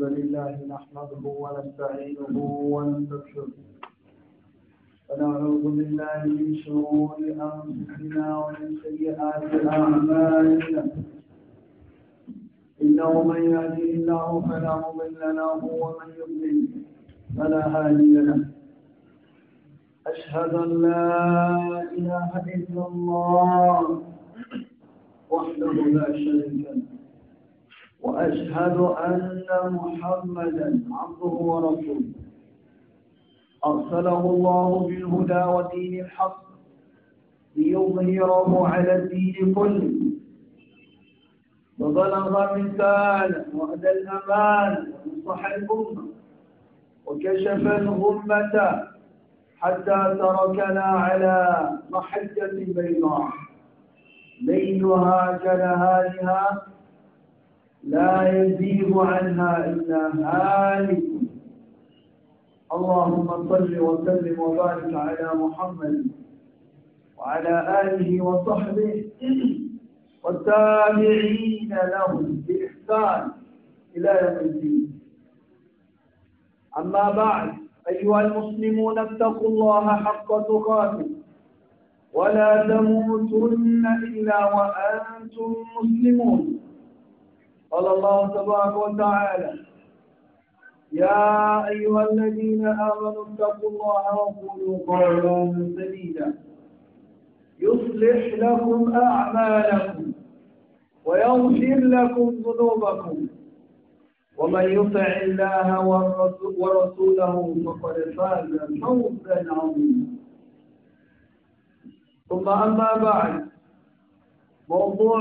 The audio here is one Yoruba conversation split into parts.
الحمد لله نحمده ونستعينه ونستغفره ونعوذ بالله من شرور أنفسنا ومن سيئات أعمالنا إنه من يهدي الله فلا مضل له ومن يضلل فلا هادي له أشهد أن لا إله إلا الله وحده لا شريك له وأشهد أن محمدا عبده ورسوله أرسله الله بالهدى ودين الحق ليظهره على الدين كله وبلغ الرسالة وأدى الأمان ونصح الأمة وكشف الغمة حتى تركنا على محجة بيضاء ليلها كنهارها لا يزيد عنها إلا هالك اللهم صل وسلم وبارك على محمد وعلى آله وصحبه والتابعين لهم بإحسان إلى يوم الدين أما بعد أيها المسلمون اتقوا الله حق تقاته ولا تموتن إلا وأنتم مسلمون قال الله تبارك وتعالى يا أيها الذين آمنوا اتقوا الله وقولوا قولا سديدا يصلح لكم أعمالكم ويغفر لكم ذنوبكم ومن يطع الله ورسوله فقد فاز فوزا عظيما ثم أما بعد موضوع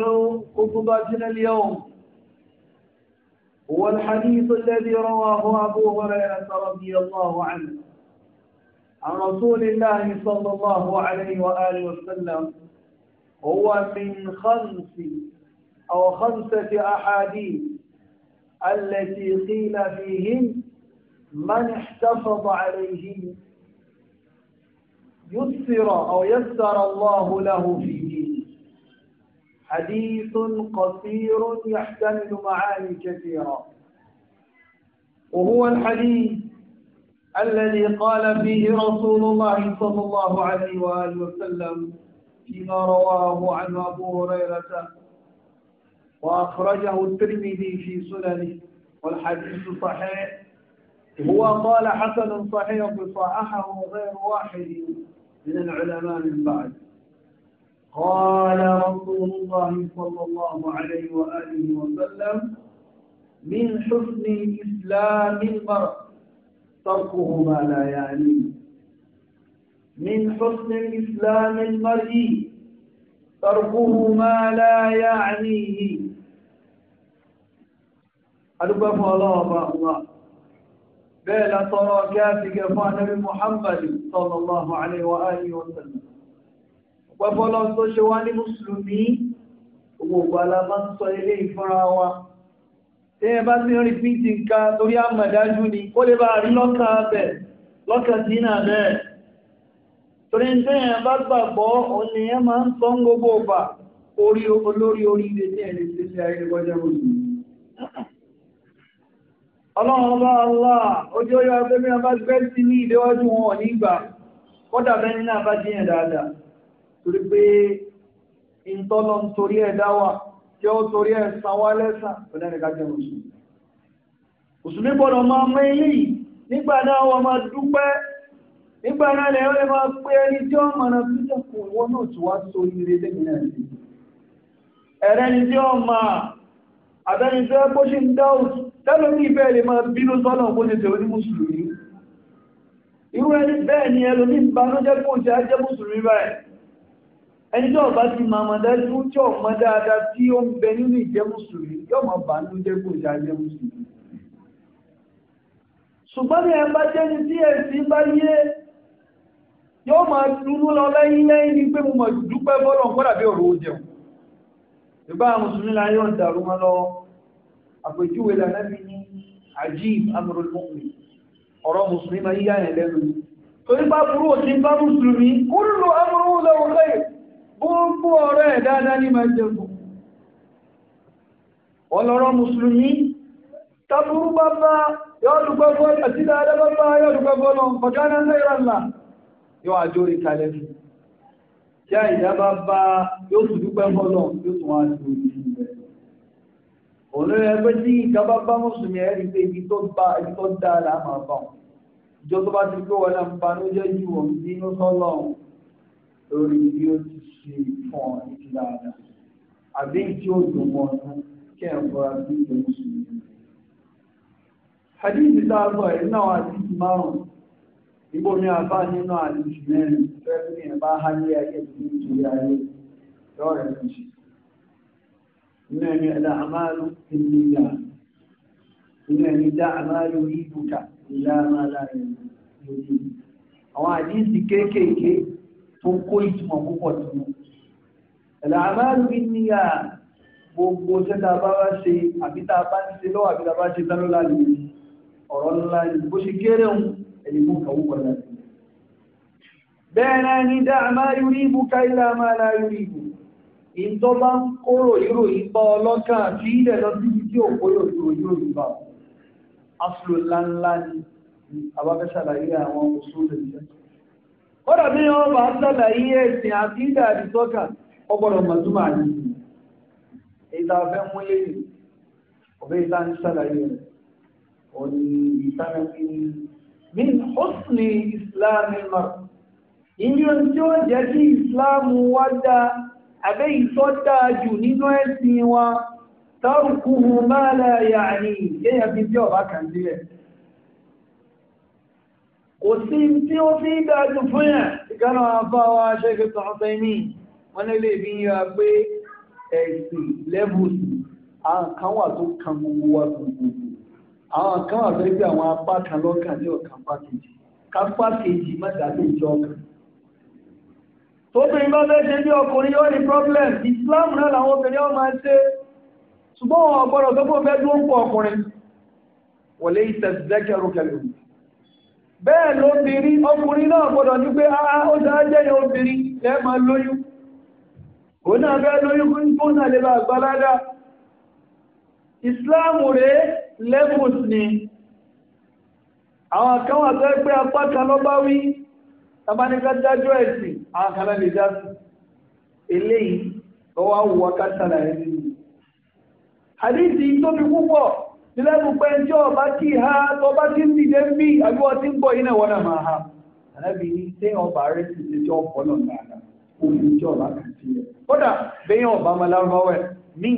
خطبتنا اليوم هو الحديث الذي رواه أبو هريرة رضي الله عنه عن رسول الله صلى الله عليه وآله وسلم هو من خمس أو خمسة أحاديث التي قيل فيهم من احتفظ عليهم يسر أو يسر الله له دينه حديث قصير يحتمل معاني كثيرة وهو الحديث الذي قال فيه رسول الله صلى الله عليه وآله وسلم فيما رواه عن أبو هريرة وأخرجه الترمذي في سننه والحديث صحيح هو قال حسن صحيح صححه غير واحد من العلماء من بعد قال رسول الله صلى الله عليه وآله وسلم من حسن إسلام المرء تركه ما لا يعنيه من حسن إسلام المرء تركه ما لا يعنيه أدب فالله الله بلا ترى كافك فانا محمد صلى الله عليه وآله وسلم wẹ́fọ́lọ́ tó ṣe wá ní mùsùlùmí gbogbo alábá ń sọ ilé ìfúnra wa tí ẹ bá ti rí píìtì nǹkan torí àmọ̀dájú ni ó lè bá rí lọ́kàn abẹ lọ́kàn dínà bẹ́ẹ̀ torí ń tẹ́ ẹ bá gbàgbọ́ òní ẹ máa ń sọ ń gbogbo ọba orí olórí oríire ní ẹni tí ṣe ayé kọjá lónìí ọlọ́run bá Allah ojú ó yọ abẹ́mí abá gbẹ́ sí ní ìléwájú wọn ò ní gbà kódà bẹ́ẹ̀ ní náà bá jiyàn dáadáa torí pé ìtọ́nà ń torí ẹ̀ dá wa tí ó torí ẹ̀ san wá lẹ́sàn ọ̀dà nìkan jẹ́ mùsùlùmí. mùsùlùmí gbọ́dọ̀ máa mọ eléyìí nígbà náà wọ́n máa dúpẹ́ nígbà náà lẹ́yìn lè máa pé ẹni tí ó mọ̀nà tó jẹ́ kó ìwọ náà tí wàá so ire lẹ́yìn náà sí. ẹ̀rẹ́ ni tí ó máa àbẹ́ni tí ó bó ṣe ń dá òtún tẹ́lómi bẹ́ẹ̀ lè máa bínú sọ́nà kó ṣe tẹ̀ ní mùsùlùmí. irú ẹni bẹ́ẹ̀ ni ẹlòmí ìbánújẹ́ kó jẹ́ ajẹ́ mùsùlùmí báyìí ẹni tí ọba ti máa mọ dájú tí ọmọ dáadáa tí ó ń bẹ nínú ìjẹ́ mùsùlùmí yóò máa bà nínú jẹ́ kó ìjà jẹ́ mùsùlùmí. ṣùgbọ́n ní ẹ̀bá jẹ́ni tí ẹ̀sìn bá yé yóò máa dúró lọ lẹ́yìn lẹ́yìn ní pé mo mọ̀ dúpẹ́ bọ́lọ̀ kọ́dà bí ọ̀rọ̀ ó jẹun. ìbá mùsùlùmí la yóò dàrú mọ́ lọ àpèjúwe lànà mi ní àjíb amrul ọ̀rọ̀ mùsùlùmí gbogbo ọ̀rọ̀ ẹ̀ dáadáa ní máa jẹun ọlọ́rọ̀ mùsùlùmí tàbúrú bá bá yọ́dùgbẹ́ bọ́ọ̀lù àti dáadáa bá bá yọ́dùgbẹ́ bọ́ọ̀lù kọjá náà náírà ńlá yóò àjò rí kalẹ̀ fún tí a ìdá bá bá ti gbé wọn náà ń banújẹ́ jù nínú sọ́lọ́run lórí bí ó ti ṣe fún ọ ní dáadáa àbí tí ó dùn ọdún kí hadithi tá a gbọ́ ẹ̀ nínú àwọn àdìsí márùn-ún ibo ní àbá nínú àdìsí mẹ́rin fẹ́ẹ́ ní ẹ̀bá hálẹ́ ayé tó ń torí ayé lọ́rẹ̀ méjì. inú ẹni ẹ̀dá àmàlù inú ẹni dá àmàlù ìbùkà àwọn àdìsí kéékèèké tó kó ìtumọ̀ púpọ̀ nínú. Al-a'malu bin-niyyah gbogbo sẹ́ta bá wá ṣe àbí tá a bá ń ṣe lọ́wọ́ àbí tá a bá ṣe tán lọ́la lè ọ̀rọ̀ ńlá ni bó ṣe kéré ń ẹni mú kàwé pọ̀ láti. Bẹ́ẹ̀ náà ni dá àmá yorí ibù ká ilá àmá ara yorí Ìtọ́ bá ń kóró ìró ìbá ọlọ́kàn àti ilẹ̀ lọ síbi tí òkú yóò dúró yóò ìbá. Aṣọ ńláńlá ni àbáfẹ́ àwọn òṣèlú ìjọba kódà bí wọ́n bá sàlàyé ẹ̀sìn àti ìdàdì sọ́kà ọgbọ̀dọ̀ mọ̀túmọ̀ àti ìta fẹ́ mú lẹ́yìn ọ̀bẹ́ ìta ń sàlàyé òní ìtànàfí min husni islam mar ìyẹn tí ó jẹ́ kí islam wá dá abẹ́ ìsọ́dá jù nínú ẹ̀sìn wa tárùkù máa láyà ní ìyẹn fi bí ọba kan sílẹ̀ kò sí tí ó fi dájú fún yà ìkánà àbá wa ṣẹ́gbẹ́ tọ́ọ̀tẹ́ ní wọ́n lè bí i wá pé ẹ̀sìn lẹ́bùsì àwọn kan wà tó kan gbogbo wa gbogbo àwọn kan wà tó gbé àwọn apá kan lọ́kàn ní ọ̀kan pàkejì kápá kejì má dàbí ìjọ ọkàn tóbìnrin bá fẹ́ ṣe bí ọkùnrin yóò ní problem Islam náà làwọn obìnrin ọmọ ẹ ṣe ṣùgbọ́n ọ̀gbọ́dọ̀ tó kó fẹ́ dúró pọ̀ ọkùnrin wọlé ìtẹ̀síṣẹ́kẹ̀rù bẹ́ẹ̀ lóbìnrin ọkùnrin náà gbọ́dọ̀ ní pé ara ah, ah, ó dáa jẹ́yẹ obìnrin lẹ́mà lóyún ó náà bẹ́ẹ̀ lóyún fún fún náà lè bá gbọ́ládá ìsìláàmù rẹ̀ lẹ́mùs ni àwọn kan wà tẹ́ pé apá kan lọ bá wí tabaníká dájọ́ ẹ̀sìn àwọn kan lè dá sí eléyìí ọwọ́ àwòwọ́ kásálà ẹ̀sìn àdìsí tóbi púpọ̀ sílẹ́nu pé tí ọba bá ha tó bá ti ń dìde ń bí àbí iná ha àlábì ní tí ọba rẹ̀ sì ti tí ọkọ̀ náà dáadáa omi ọba kan ti yẹ. kódà bẹ́yìn ọba ọmọlárúbáwẹ̀ ní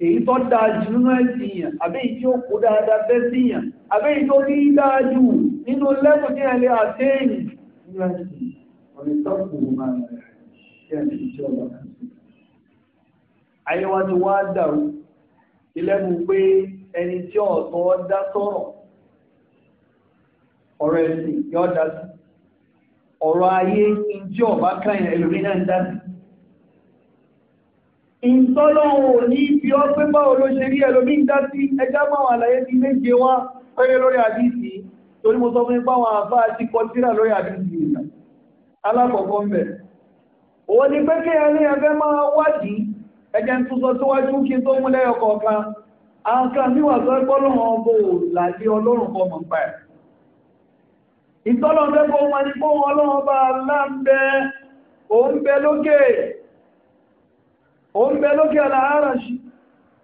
èyí tó dáa jù nínú ẹ̀sìn yàn èyí tí ó kó dáadáa sí yàn èyí tó ní dáa jù nínú lẹ́kùn ní ẹ̀lẹ́ àtẹ́yìn ìlẹ́nu pé ẹni tí ọ̀tún dá sọ̀rọ̀ ọ̀rọ̀ ẹ̀sìn yóò dá sí ọ̀rọ̀ ayé ìjọ ọba káyìn ẹlòmí náà ń dá sí. ìtọ́lọ́hùn ní ibi ọgbẹ́ báwo ló ṣe rí ẹlòmí ń dá sí ẹjá máa wà láyé ti méje wá pẹ́rẹ́ lórí àdìsí torí mo sọ fún yín báwọn àbá ti kọ lórí àdìsí ìgbà alákọ̀ọ́kọ́ ń bẹ̀. òun ni pé kéèyàn ní ẹgbẹ́ máa wádìí ẹjẹ́ ń tún sọ síwájú kí n tó mú lẹ́yọ kọ̀ọ̀kan bí wà sọ ọba aláǹbẹ lókè lókè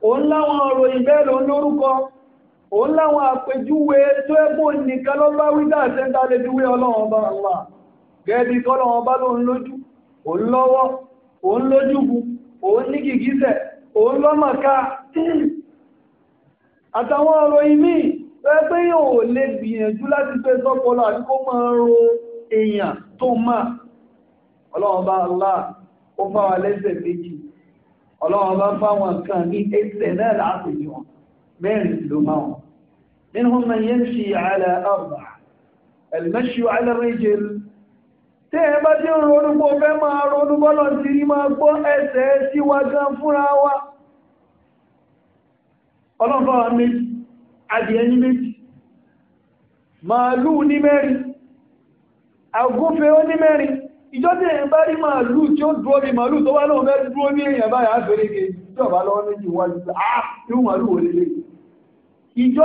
òun láwọn ọ̀rọ̀ lórúkọ òun láwọn àpèjúwe tó nìkan ló bá wí sẹ́ńtà lè fi wé ọlọ́run ọba àlá gẹ́gẹ́ bí kọ́lọ́run ọba òun ní gìgísẹ̀ òun lọ́mọ̀ká àtàwọn ọ̀rọ̀ imí rẹ̀ lati yóò lè gbìyànjú láti pé sọ́pọ̀lọ́ àti kó máa ro èèyàn tó máa bá ó fá wa lẹ́sẹ̀ méjì bá kan ní ẹsẹ̀ náà láti jù wọn mẹ́rin ló máa wọn nínú mọ̀ yẹn ṣe àlẹ́ tí ẹ bá tí ń ronú pọ̀ fẹ́ máa ronú bọ́lọ̀ tí ni máa gbọ́ ẹsẹ̀ sí wa gan fúnra wa ọlọ́pàá méjì adìẹ méjì màálù ní mẹ́rin àgúnfe ní mẹ́rin ìjọ tí ẹ bá rí màálù tí ó dúró ní màálù tó dúró ní èèyàn báyà tí lọ́wọ́ méjì wá màálù ìjọ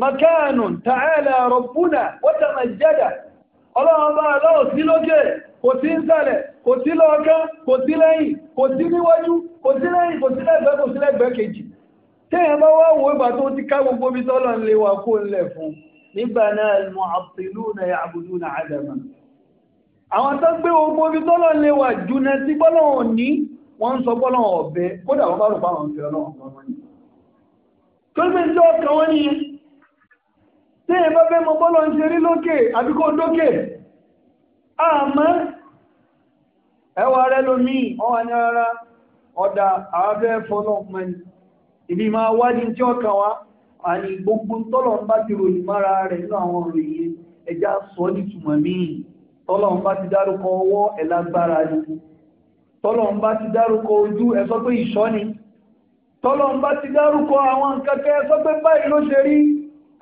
makanun ta'ala rabbuna wa tamajjada ọlọ́run bá aláwọ̀ sí lókè kò sí nsàlẹ̀ kò sí kejì téèyàn bá wá wò ìgbà tó ti ká gbogbo ibi tọ́lọ̀ ń lè wà kó ń lẹ̀ fún nígbà náà al-mu'attiluna ya'buduna adama àwọn tó gbé gbogbo ibi tọ́lọ̀ ń lè wà jùnà ní tí èyàn bá fẹ́ mọ bọ́lọ̀ ń ṣe rí lókè àbí dókè àmọ́ ẹwà rẹ lómi ọwà ní ara ọ̀dà ààfẹ́ fọlọ́pẹ́ni ìbí máa wádìí tí ọkàn wa àní gbogbo tọ́lọ̀ ń bá ti ròyìn mára rẹ̀ nínú àwọn ròyìn ẹja sọ tọ́lọ̀ ń bá ti dárúkọ ọwọ́ ẹ̀ lágbára ni tọ́lọ̀ ń bá ti dárúkọ ojú ẹ sọ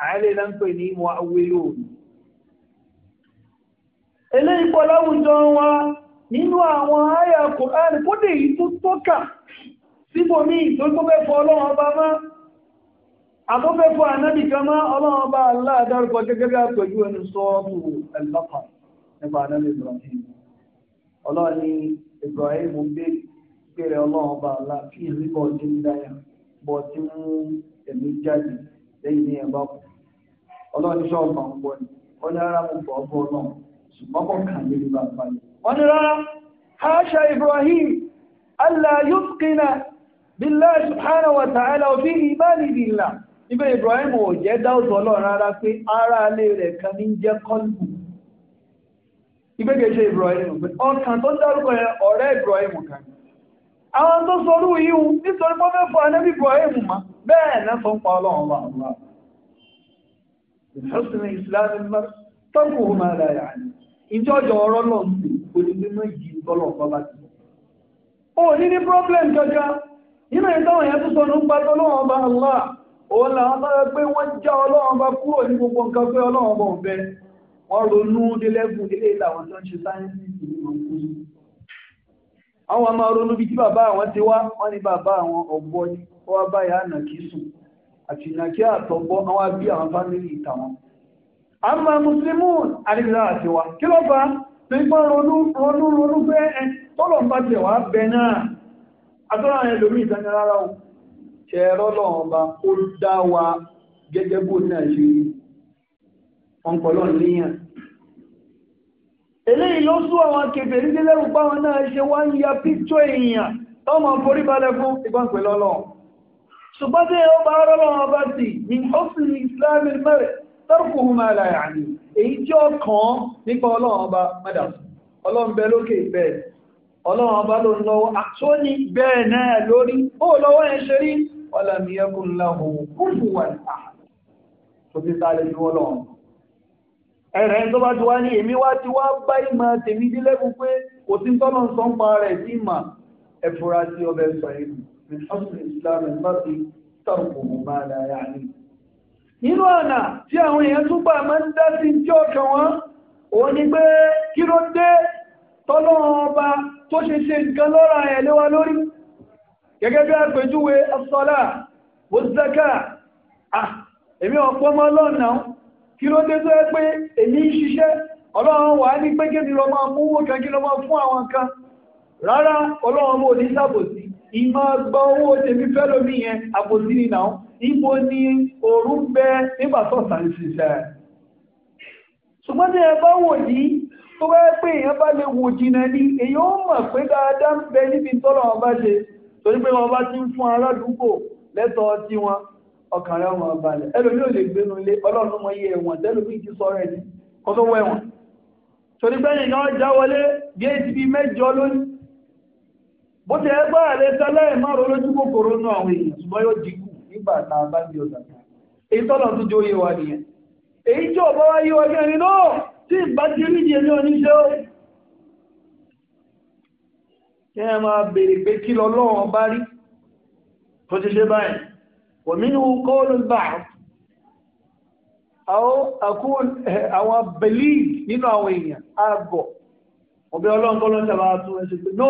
àwọn ilé ń pè ní mu'awwilu eléyìí pọ̀ láwùjọ wa nínú àwọn àyà Kùránì kódé yìí tó tọ́ka síbòmí tó tó fẹ́ fọ ọlọ́run ọba mọ́ àbúfẹ́ ànábì kan mọ́ ọlọ́run ọba Allah gẹ́gẹ́ bí àpèjú ẹnu sọ́ọ̀tù ẹ̀lọ́kàn nípa ànábì Ibrahim ọlọ́run ní Ibrahim gbé pèrè ọlọ́run ọba ala ń dáyà mú lẹ́yìn ní ẹ̀bá kù ọlọ́run iṣẹ́ ọ̀gbà ń bọ̀ ni wọ́n ní rárá mo bọ̀ ọ́ bọ̀ náà ṣùgbọ́n kò kàn lé ní bàbá yìí. wọ́n ní rárá haṣa Ibrahim allah yusqina billahi subhanahu wa ta'ala fi imani billah ibẹ̀ Ibrahim ò jẹ́ dáwùtò ọlọ́run rárá pé ara ilé rẹ̀ kan ní jẹ́ kọ́lù ìgbẹ́gẹ̀ṣe Ibrahim ọkàn tó dárúkọ yẹn ọ̀rẹ́ Ibrahim kan àwọn tó sọrú yìí nítorí pọ́fẹ́ fún anẹ́bí Ibrahim máa bẹ́ẹ̀ náà sọ ń pa ọlọ́run wà wà. ìfẹ́sìn ìsìláàmù mọ́ tọ́kù ó máa ra ẹ̀ àná. ìjọ ọjọ́ ọ̀rọ̀ náà ń sè onígbímọ̀ yìí tọ́lọ̀ ọ̀pá bá ti mọ̀. ó ní ní problem jọjọ nínú ìtọ́wọ̀n yẹn tó sọ ní pa ọlọ́run bá wà òun làwọn bá rẹ pé wọ́n já ọlọ́run bá kúrò ní gbogbo nǹkan pé ọlọ́run bá ń bẹ ronú délẹ́gùn délé làwọn tó ń ṣe sáyẹ́nsì ìlú ọ̀hún. àwọn máa ronú bí tí bàbá àwọn ti wá wọ́n ní bàbá àwọn ọ̀gbọ́n ni ó wá báyà ànàkí sùn àti ìnàkí àtọ̀gbọ́ àwọn abí àwọn fámìlì ìtàwọn. a máa mùsùlùmù àríwá àti wa kí ló bá pípọ́ ronú ronú ronú pé ẹ tọ́lọ̀ bá tẹ̀ wá bẹ náà àtọ́rọ̀ àwọn ẹlòmíì ìdáni rárá o ṣe ẹ̀rọ lọ́wọ́ bá ó dá wa gẹ́gẹ́ bó náà ṣe rí níyàn eléyìí ló sú àwọn kèfèrí nílẹ̀rù páwọn náà ṣe wá ń ya píkṣọ èèyàn tọ́mọ̀ forí balẹ̀ fún ìgbọ́n pẹ̀lọ́lọ́wọ́ ṣùgbọ́n tí ó bá rọ́lọ́wọ́ bá sì ní ọ́sì ìsìláàmì mẹ́rẹ̀ tọ́rùkù hùmà láyà ní èyí tí ó kàn nípa ọlọ́run ọba madam ọlọ́run bẹ lókè bẹ́ẹ̀ ọlọ́run ọba ló ń lọ́wọ́ àtó ní bẹ́ẹ̀ náà lórí ó lọ́wọ́ yẹn ṣe rí ọlàmìyẹkùn láhùn kúfù wà ní ọlọ́run من حسن إسلام المرء تركه ما لا يعني nínú ọ̀nà tí àwọn èèyàn túbà máa ń dá sí tí ọ̀kan wọn òun ni pé kí ló dé tọ́lọ́run ọba tó ṣe ṣe nǹkan lọ́ra ẹ̀ léwa lórí gẹ́gẹ́ bí àpèjúwe asọ́lá bozaka èmi ọ̀pọ̀ mọ́ lọ́nà kí ló dé tó yẹ pé èmi ń ṣiṣẹ́ ọlọ́run wà ní pé kí ni lọ máa mú owó kan kí lọ máa fún àwọn kan rárá ọlọ́run mọ́ ní sábòsí ìmọ̀ gbọ́ owó tèmi fẹ́ lómi yẹn àbòsí ni náà ibo ni òru ń bẹ nígbà tó sàn ṣiṣẹ́. ṣùgbọ́n tí ẹ bá wò ní tó bá yẹ pé èèyàn bá lè wò jìnnà ní èyí ó mọ̀ pé dáadáa ń bẹ níbi tọ́lọ̀ wọn bá ṣe torí pé wọn bá ti ń fún aládùúgbò lẹ́tọ̀ọ́ tí wọn ọkàn rẹ̀ wọn balẹ̀ ẹlòmíì ò lè gbénu ilé ọlọ́run mọ iye ẹ̀wọ̀n tẹ́lòmíì ti sọ rẹ̀ ní kó tó wọ torí pé èèyàn bó ti ẹ bá rẹ tẹ́lẹ̀ ìmọ̀ràn olójú kòkòrò náà àwọn èèyàn ṣùgbọ́n yóò dínkù nígbà tá a bá ń di ọ̀sán kan èyí tọ́lọ̀ tó jó yé wa nìyẹn èyí tí ọ̀bọ̀ wa yé wa kí ẹni náà tí ìbá ti rí di ẹni oníṣẹ́ ó kí ẹ máa béèrè pé kí lọ lọ́wọ́ bá rí tó ti ṣe báyìí òmìnú kọ́ọ̀lù bá àwọn eh, believe nínú àwọn èèyàn àgọ̀ ọ̀bẹ ọlọ́run kọ́ ló ń sábà tún ẹ ṣe pé no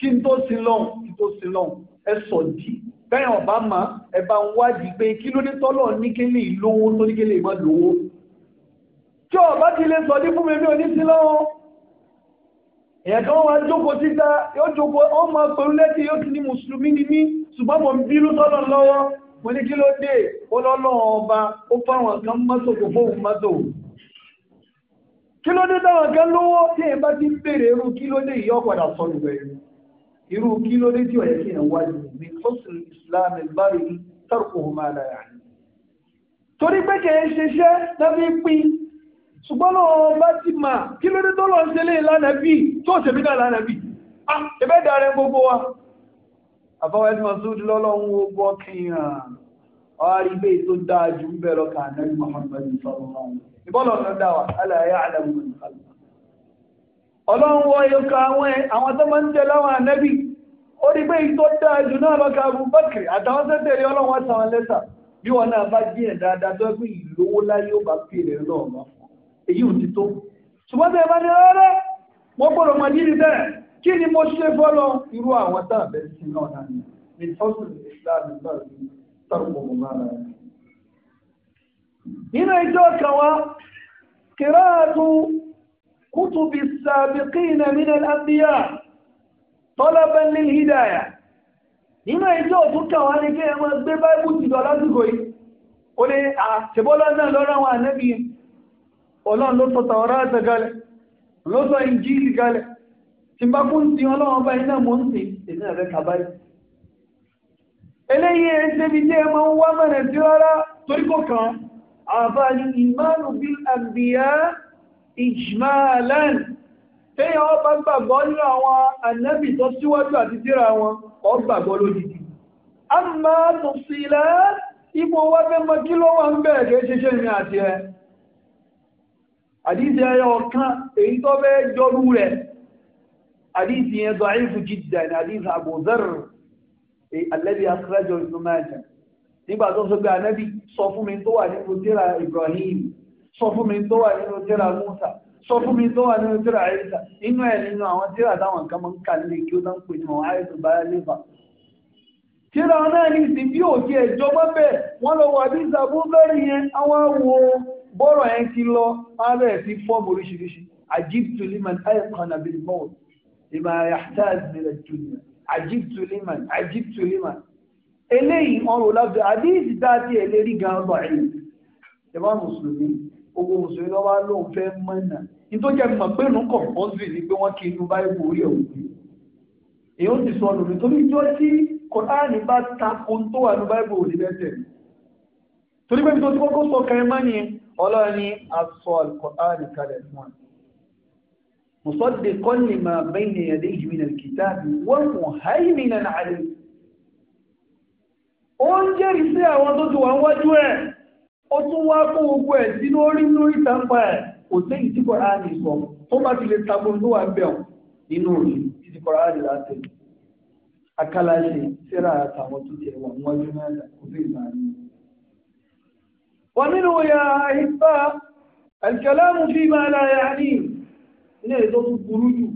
kí n tó sin lọ́hùn kí n tó sin lọ́hùn ẹ sọ di bẹ́ẹ̀ ọ̀bá mà ẹ bá ń wádìí pé kí ló dé tọ́lọ̀ níkélé ìlówó tó níkélé ìmọ̀ lówó tí ọ̀bá ti lè sọ ní fún mi mi ò ní sin lọ́hùn èèyàn kan wá jókòó síta yóò jókòó ó máa pẹ̀lú lẹ́tí yóò ti ní mùsùlùmí ni mí ṣùgbọ́n mo ń bínú tọ́lọ̀ lọ́wọ́ mo ní kí ló dé ó ọba ó fáwọn kan mọ́tò kò fóun mọ́tò kí ló dé táwọn kan lówó tí bá ti ń irú kí ló dé ìyọ́ padà sọnù pẹ̀lú irú ló ní islam ìbárí tọ́kù torí pé pín ṣùgbọ́n lọ́wọ́ bá ti mà kí ló dé tó lọ ṣe lé lánàá bí tó ṣe bí náà lánàá bí ẹbẹ́ dára gbogbo wa lọ́lọ́run tó dáa ìbọ́lọ̀ ọ̀nà dá wa aláyé àlàmù nìkàlù. ọlọ́run wọ ẹ̀ka àwọn tó máa ń tẹ láwọn ànábì ó rí pé ìtọ́ dáa jù náà lọ́ka Abubakar àtàwọn tó tẹ̀lé ọlọ́run wá sàwọn lẹ́tà bí wọn náà bá jí ẹ̀ dáadáa tó pé ìlówó láyé ó bá pèrè lọ́ọ̀mọ́ èyí ò ti tó. ṣùgbọ́n tẹ̀ bá ní rárá mo gbọ́dọ̀ mọ ní ibẹ̀ kí ni mo ṣe fọ́lọ́ irú àwọn tá àbẹ̀ sí náà náà ní ìtọ́sùn ìsìláàmù náà ní tàbí nínú ìjọ kan wá kìráàtù kútùbí sàbìkìnà nínú àbíyà tọ́lábẹ́ ní hídáyà nínú ìjọ òtún kan wá ní kí ẹ máa gbé báìbù ti lọ lásìkò yìí ó ní àtìbọ́lá náà lọ́rọ̀ àwọn ànẹ́bí ọlọ́run ló sọ tàwọn ráàtà galẹ̀ ló sọ ìjírí galẹ̀ tí bá kún sí àbáni ìmánu bí àbíyá ìjmáàlán téèyàn ọba gbàgbọ́ nínú àwọn ànábì tó síwájú àti síra wọn kọ́ gbàgbọ́ lójijì a máa tún sí ilẹ̀ ipò wá fẹ́ mọ kí ló wà ń bẹ̀ kì í ṣiṣẹ́ ìrìn àti ẹ àdíṣe ẹyọ ọ̀kan èyí tó fẹ́ jọrú rẹ̀ àdíṣe yẹn dọ̀ àìfù jìdà ní àdíṣe àbòzẹ́rù الذي أخرجه ابن ماجه nígbà tó ń sọ pé anábì sọ fún mi tó wà nínú tírà Ibrahim sọ fún mi tó wà nínú tírà Musa sọ fún mi tó wà nínú tírà Isa inú ẹ̀ nínú àwọn tírà táwọn nǹkan máa ń kà nílé kí ó dá ń pè ní àwọn àìsàn báyà lébà tírà náà ní ìsìn bí òkè ẹ̀jọ́ bá bẹ̀ wọ́n lọ wà bí ìsàbó bẹ́rẹ̀ yẹn àwọn wo bọ́rọ̀ yẹn ti lọ abẹ́ ti fọ́ọ̀mù oríṣiríṣi àjíbìtú liman ayọ̀kan àbí mọ́ọ̀ ìmọ̀ àyàtà àzìmẹ̀lẹ̀ liman àjíbìtú liman eléyìí ọrùn lábẹ́ àdíìsì dáadé ẹ̀lẹ́ rí gan ọgbà ẹ̀yìn ẹ̀bá mùsùlùmí ogun mùsùlùmí lọ́wọ́ lóun fẹ́ mọ́nà nítorí jẹ́ mọ̀ pé nù kọ̀ǹpọ́sì ni pé wọ́n kí inú báyìí orí ẹ̀ òkú èyí ó ti sọ lòdì torí jọ tí kọ̀táàní bá ta ohun tó wà ní báyìí òní lẹ́sẹ̀ torí pé tó ti kọ́kọ́ sọ kẹrin mọ́ ni ọlọ́run ni aṣọ àlùkọ̀táàní kalẹ̀ fún wọn mùsọ̀dẹ̀kọ́ ó ń jẹ́rìí sí àwọn tó ti wà wájú ẹ̀ ó tún wá kó gbogbo ẹ̀ sínú orí inú ìtànpá ẹ̀ kò sí ìtí Kùránì sọ tó bá ti lè tako tó wà bẹ̀ nínú òní títí Kùránì láti akálàṣe síra àtàwọn tó ti wà wájú náà kò sí ìlànà. wọ́n ya àhìpá alkalamu fi máa la ilé ètò tó burú jù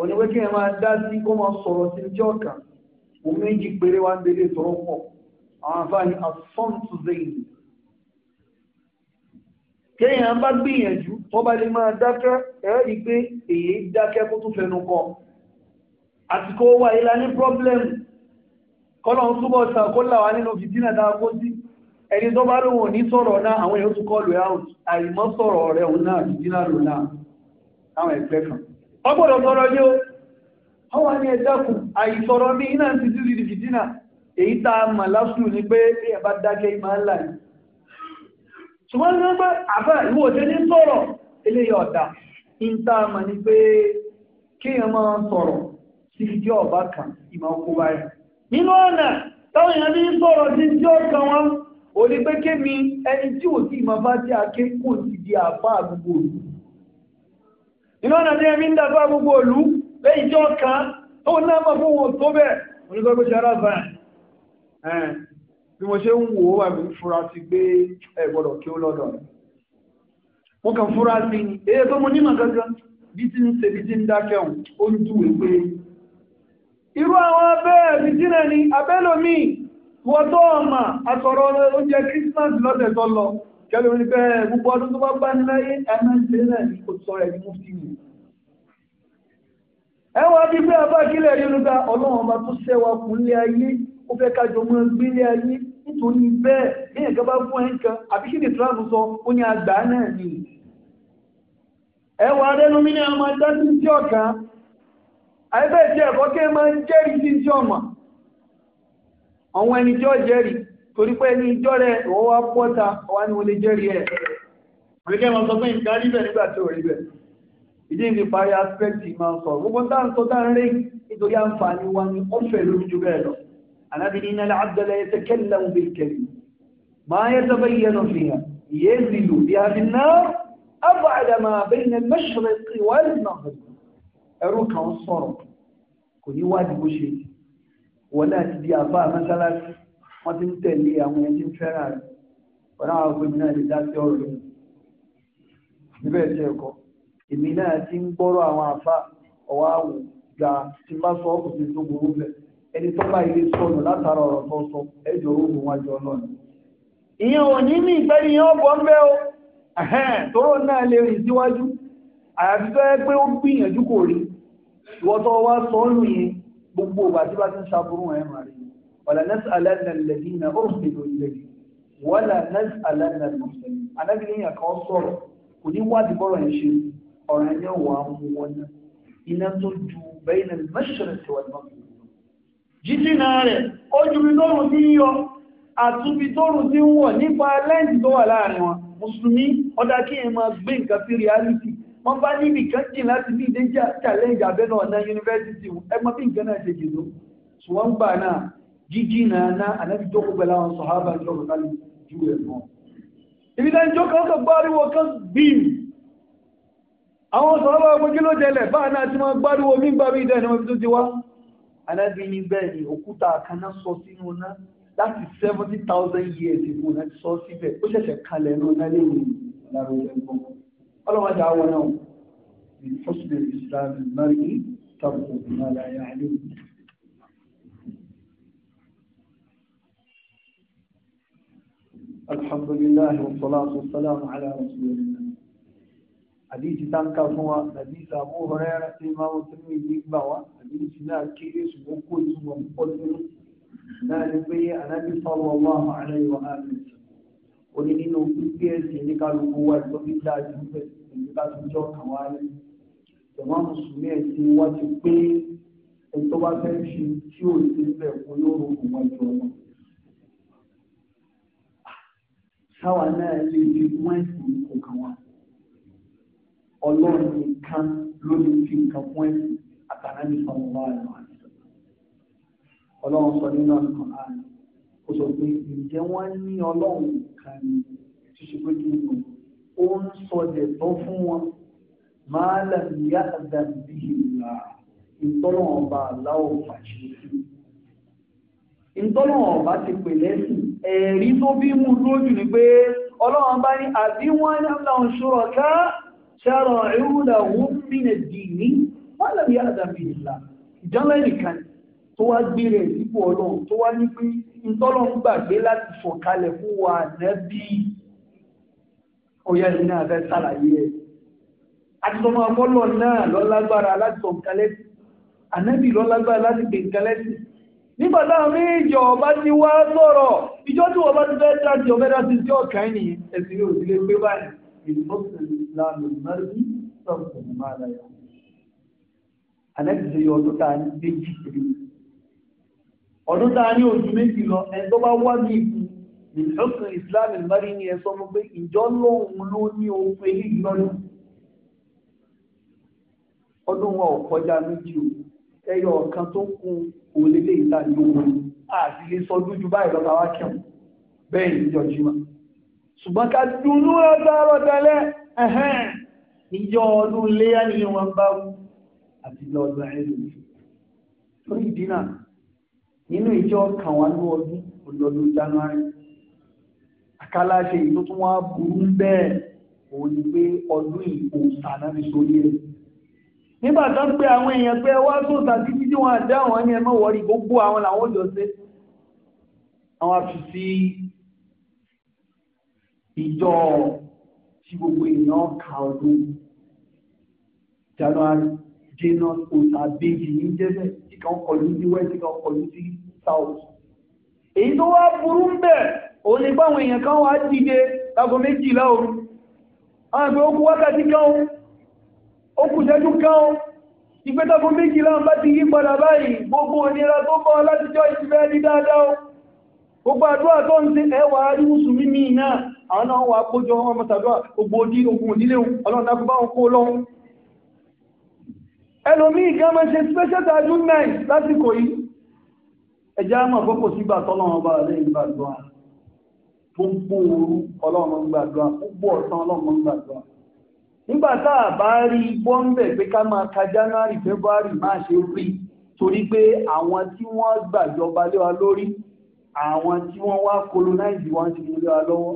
òní wẹ́kẹ́ máa dá sí kó máa sọ̀rọ̀ àwọn àfáàní àsọ́ǹtù kéèyàn bá gbìyànjú tó bá lè máa dákẹ́ ẹ̀rọ èyí dákẹ́ kó tún fẹnu kọ àsìkò wa ìlà ní pọ́blẹ́mù kọ́nà ń túbọ̀ ṣàkólà nínú fìtínà dáa kó sí ẹni tó bá lóhùn ní sọ̀rọ̀ àwọn èèyàn sọ̀rọ̀ rẹ̀ èyí tá a mọ̀ lásù ní pé èyàn bá dákẹ́ ìmọ̀ ńlá yìí ṣùgbọ́n ní wọ́n pẹ́ àfẹ́ ìwò ní sọ̀rọ̀ eléyìí ọ̀dà ń tá a mọ̀ ní pé kéèyàn máa sọ̀rọ̀ sí ìdí ọ̀bá kan ìmọ̀ nínú ọ̀nà táwọn èèyàn ní sọ̀rọ̀ sí ìdí ọ̀kan wọn ò ní pé di àbá nínú ọ̀nà tí ẹni ń lẹ́yìn ìjọ kan tó náà mọ̀ fún bẹ́ẹ̀ onígbàgbọ́sẹ̀ bí mo ṣe ń wò ó àmì fura sí pé ẹ gbọ́dọ̀ kí ó lọ́dọ̀ rẹ̀ mo kàn fura sí ni èyí tó mo nímọ̀ gangan bí ti ń ṣe bí ti ń dákẹ́ ọ̀hún ó ń júwèé pé irú àwọn abẹ́ ẹ̀bìtínà ni abẹ́lòmí wọ́n tó ọmọ àtọ̀rọ̀ oúnjẹ Christmas lọ́tẹ̀ tó lọ kẹlẹ̀ orí bẹ́ẹ̀ gbogbo ọdún tó bá bá ní láyé ẹ̀mẹ́ ń ṣe náà ní kò sọ ẹ̀ ní mufti mi. ẹ wá bí pé abá kílẹ̀ yìí ló dá ọlọ́run ọba tó ṣẹ́ wa kún lé ayé ó fẹ́ kájọ mọ́ gbélé ayé nítorí bẹ́ẹ̀ ẹ̀gá bá fún ẹ̀ ń kan àbí ni Islam sọ ó ní àgbà náà ni. ẹwà rẹnu mi ní a máa sí ti ọ̀kan àìbẹ́ ti ẹ̀kọ́ kí ẹ máa ń jẹ́rìí sí ti ẹni tí ó jẹ́rìí torí pé ìjọ rẹ̀ ìwọ́ wá ọ̀wá wá ní wọlé jẹ́rìí ẹ̀ ìdí sọ gbogbo ń sọ ń rí nítorí àǹfààní anábìrin náà abdala ẹsẹ̀ kẹ́lẹ̀ ń bí kẹ́lẹ̀ máa yẹ sọ́bẹ̀ yẹnu fi hàn yẹ lílu bí a fi ná abọ́ àdàmà bẹ́ẹ̀ ní mẹ́ṣẹ̀rẹ̀ sí wà ní náà ẹrú kan sọ̀rọ̀ kò ní wádìí bó ṣe wọlé àti bí àbá mẹ́sálásí wọ́n ti ń tẹ̀lé àwọn ẹni fẹ́ràn rẹ̀ wọ́n náà wọ́n gbé mi náà lè dá sí ọ̀rọ̀ lónìí níbẹ̀ tí ẹ̀kọ́ èmi náà ti ń gbọ́rọ̀ àwọn àfa ọ̀wá àwò gba tí n bá sọ ọkùnrin tó burú bẹ́ẹ̀ ẹni tó bá ilé sọnù látara ọ̀rọ̀ tó sọ ẹjọ́ oògùn wájú ọlọ́run ìyẹn ò ní ní ìgbẹ́ni yẹn ọ̀bọ̀ ń bẹ́ o tóró náà lè rìn síwájú àyàfi tó yẹ pé ó gbìyànjú kò rí ìwọ́tọ̀ wá sọ́ọ̀lù yẹn gbogbo ògbà tí bá ti ń ṣàbúrú ẹ̀ máa rí wàlà nẹ́sì alẹ́nà lẹ́bí na ó sì lò ilẹ̀ yìí wàlà nẹ́sì alẹ́nà lọ́sẹ̀ anábìrin yẹn kan sọ̀rọ̀ kò ní wádìí bọ́rọ̀ yẹn ṣe ọ̀rọ̀ yẹn wà á mú wọn náà iná tó ju bẹ́ẹ̀ náà mẹ́ṣẹ̀rẹ̀ tẹ̀wọ̀n náà jíjìnà rẹ̀ ojúbi tóòrùn tí ń yọ tí ń wọ̀ nípa lẹ́ǹtì tó wà láàrin wọn mùsùlùmí ọdá kí ẹ gbé nǹkan sí reality wọ́n bá níbi kan jìn láti bí ìdé challenge abẹ́nà ọ̀nà yunifásitì ẹ mọ́ bí nǹkan náà ṣe jìnnà ṣùgbọ́n gbà náà jíjìnà náà ànábi tó kó pẹ̀lú àwọn sọ̀hábà ju ẹ̀ mọ́ ibi tá ń jó kan gbáriwo kan anábì ní bẹ́ẹ̀ ni òkúta kaná sọ sínú náà láti seventy thousand years ago náà ti sọ síbẹ̀ ó ṣẹ̀ṣẹ̀ kalẹ̀ náà náà lè ní ìlànà ẹ̀kọ́ ọlọ́mọdé àwọn náà ní fọ́sílẹ̀ islam mari tàbí ìmọ̀lá ayé àlẹ́ الحمد لله والصلاة والسلام على رسول الله àdéhìí tá ń ká fún wa àdéhìí tá mú ọ̀rẹ́ rẹ̀ tí máa wọ́n tún ní gbà wá àdéhìí tí náà kéré ṣùgbọ́n kó ìtumọ̀ púpọ̀ nínú náà ni pé anábì fáwọn ọmọ àwọn ará ìwà àmì ó ní nínú pípé ẹ̀sìn ní kálukú wa ìtọ́ bí dáa ju bẹ́ẹ̀ èyí bá tún jọ kàn wá ní. ìwọ́n mùsùlùmí ẹ̀sìn wá ti pé ẹ̀tọ́ bá fẹ́ ṣe tí ò sí bẹ̀ fún yóò wọn jọ ọlọ́run nìkan ló lè fi nǹkan fún ẹ̀sìn àtàràní sọ̀rọ̀ ọlọ́run sọ nínú ọ̀sán àná ó sọ pé ǹjẹ́ wọ́n ní ọlọ́run kan ní ṣíṣe pé kí ni ó ń sọ dẹ̀tọ́ fún wọn máa lẹ́nu yá àdàbí ìlà ìtọ́lọ́wọ̀n bá aláwọ̀ fàṣẹ sí ìtọ́lọ́wọ̀n bá ti pè lẹ́sìn ẹ̀rí tó bí mú lójú ni pé ọlọ́run bá ní àbí wọ́n ní àwọn ṣòro ká شرعوا لهم من الدين ما لم يأذن به الله ìdánwò ẹnìkan tó wá gbére ìdìbò ọlọ́run tó wá ní pé ntọ́lọ́run gbàgbé láti sọ̀kalẹ̀ fún wa nẹ́bí ọ̀yá ìrìnà abẹ́ sàlàyé ẹ̀ àtìsọmọ ọpọlọ náà lọ́lágbára láti sọ̀kalẹ̀ sí ànẹ́bí lọ́lágbára láti gbé nkalẹ̀ sí nígbà táwọn méjì ọba ti wá sọ̀rọ̀ ìjọ tí wọ́n bá ti fẹ́ dájú ọbẹ̀ dájú sí ọ̀kan ènìyàn ẹ̀sìn yóò ìfọ́sùn ìsìlámù mẹ́rin sọ̀tún mára yà. Àlẹ́kìsẹ́ yọ ọdún tá a ní méjì kiri. Ọdún tá a ní oṣù méjì lọ, ẹ̀ tó bá wá ní ìkú. Ìfọ́sùn ìsìlámù mẹ́rin ni ẹ sọ fún pé ìjọ lóhun ló ní ohun eléyìí lọ́dún. Ọdún wọn ò kọjá méjì o. Ẹyọ ọ̀kan tó kún òlélẹ́yìí tá a ní owó. Àti lè sọ dújú báyìí lọ́ta wá kẹ́hùn. Bẹ́ẹ̀ ni ìjọ máa ṣùgbọ́n ká dúnú látàárọ̀ tẹ́lẹ̀ ẹ̀hẹ́n níjọ́ ọdún léyà ní wọn bá wú àti lọ́dún ẹ̀rù lórí ìdínà nínú ìjọ kan wà ní ọdún ọlọ́dún january àkàláṣe ìlú tó wá burú bẹ́ẹ̀ òun ni pé ọdún ìkòsà náà fi sórí ẹ̀ nígbà tó ń pe àwọn èèyàn pé wá sóòtà títí tí wọ́n dá àwọn ẹni ẹmọ́ wọ́rí gbogbo àwọn làwọn ò jọ sí àwọn àfìsí ìjọ tí gbogbo èèyàn ka ọdún january janus osa beji ní jẹ́bẹ̀ tí kan kọlu sí west tí kan kọlu sí south èyí tó wá burú ń bẹ̀ òun ni báwọn èèyàn kan wá dìde lágo méjìlá òru àwọn ìgbé okùn wákàtí kan okùn ṣẹ́jú kan ìgbẹ́tàkùn méjìlá bá ti yí padà báyìí gbogbo onira tó bọ́ látijọ́ ìsinmi ẹni dáadáa gbogbo àdúrà tó ń ṣe ẹwà rí mùsùlùmí náà àwọn náà wà kójọ wọn mọ́sàdúrà gbogbo ojú ogun òdílé ọlọ́run dákú bá wọn kó lọ́wọ́ ẹlòmíì kan máa ṣe special taju night lásìkò yìí ẹjẹ́ àmọ́ àkókò sígbà tọ́lọ́run bá rẹ̀ gbàdúrà gbogbo òru ọlọ́run gbàdúrà gbogbo ọ̀sán ọlọ́run gbàdúrà nígbà tá a bá rí àwọn tí wọ́n gbàjọba lé wọ́n ti mú wa lọ́wọ́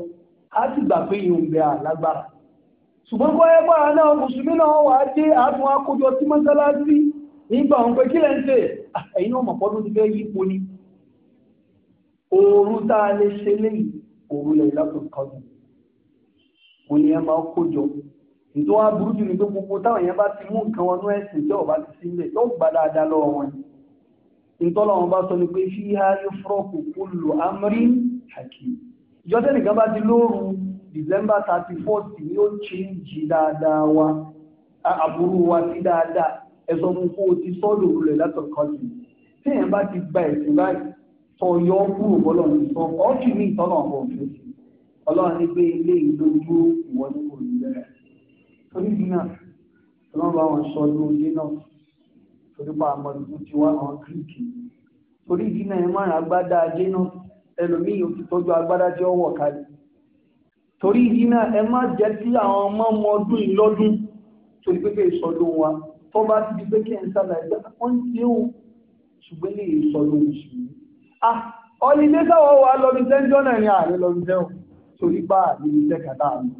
á sì gbà pé ìhùn bẹ àlágbára ṣùgbọ́n kọ́ ẹgbẹ́ ara náà mùsùlùmí náà wà á dé àtún akójọ sí mọ́sálásí nígbà òun pé kí lẹ́ ń ṣe ẹ̀yin náà mọ̀ pọ́dún ti fẹ́ yípo ni oorun tá a lè ṣe lẹ́yìn oorun lẹ́yìn látòun kan jù òun ni ẹ máa kójọ nítorí wọn burú jù ní pé gbogbo táwọn yẹn bá ti mú nǹkan wọn ní ẹsìn tí ọba ti sílẹ̀ yóò gbà ìjọ́sẹ́ nìkan bá ti lóòrùn December thirty fourth ni ó chíǹjì dáadáa wa àbúrú wa sí dáadáa ẹ̀sọ́ fún kó o ti sọ́ọ̀dọ̀ rẹ̀ látọ̀ kan sí tí èèyàn bá ti gba ẹ̀sìn báyìí sọ yọ kúrò bọ́lọ̀ ní sọ ọ́ sì ní ìtọ́nà ọ̀pọ̀ òfin sí ọlọ́run ní pé ilé ìlójú ìwọ ní kò ní bẹ̀rẹ̀ torí bí náà ọlọ́run bá wọn sọ lóde náà torí bá àmọ́ ìlú ti wá àwọn Greek torí bí náà ẹ má rà gbádá ajé náà ẹlòmíì yóò ti tọ́jú agbádá tí ó wọ̀ kalẹ̀ torí yìí náà ẹ má jẹ́ kí àwọn ọmọ ọmọ ọdún yìí lọ́dún torí pé kí ìsọdún wa tó bá ti di pé kí ẹ̀ ń sàlàyé wọ́n ti ń ṣùgbọ́n lè sọdún mùsùlùmí. ah ọ̀nìdé sáwọ́ wa lọ́bi tẹ́ńjọ́ náà ni ààrẹ lọ́bi tẹ́wọ̀ torí bá àdébi tẹ́ kàtà àmì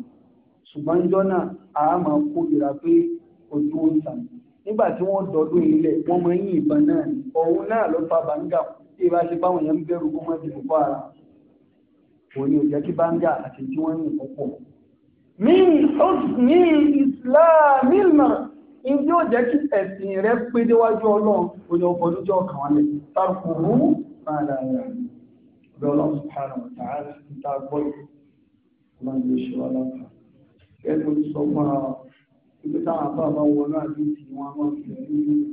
ṣùgbọ́n ńjọ́ náà a máa kó ìra pé ojú ó ń sàn nígbà tí wọ́n dọ̀dún ilẹ̀ wọ́n máa ń yìnbọn náà ọ̀hún náà ló fa bàǹgà fún tí ìbá ṣe báwọn èèyàn ń bẹ̀rù kó mọ́ di bùkọ́ ara òun ni òjẹ́ kí báńgà àti tí wọ́n ní ìkọ́pọ̀. min husni islami al-mar'a ìjọ jẹ́ kí ẹ̀sìn rẹ̀ pé déwájú ọlọ́run òní ọkọ̀ lójọ́ ọkàn wọn lẹ̀ tarkuhu máa dà rẹ̀ ọ̀bẹ ọlọ́run subhanahu wa ta'ala ń ta gbọ́ ọlọ́run ló ṣe wá lápá ẹgbẹ́ tó sọ fún ọ wọn máa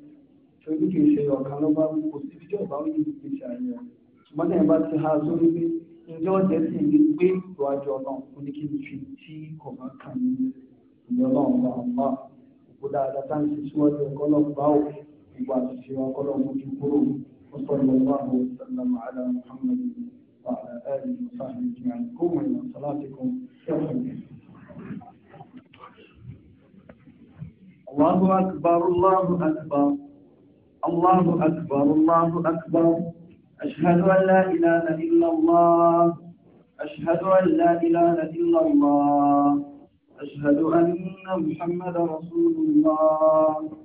torí kì í ṣe ọ̀kan ló bá kò síbi tí ọ̀bá wí ní ìgbésí ayé rẹ̀ ṣùgbọ́n tẹ̀yìn bá ti ha sórí pé ǹjẹ́ ọ̀jẹ́ sì ń gbé ìwájú ọlọ́run kò ní kí n fi tí kò bá kàn ní ìgbẹ́ ọlọ́run bá wà òkú dáadáa tá à ń ṣe síwájú ọkọ́ ọlọ́run bá wò gbogbo àṣìṣe ọkọ́ ọlọ́run kò ju kúrò wọ́n sọ lọ wà wọ́n sọ̀rọ̀ màálà muhammadu Allahu akbar, Allahu akbar. الله أكبر الله أكبر أشهد أن لا إله إلا الله أشهد أن لا إله إلا الله أشهد أن محمد رسول الله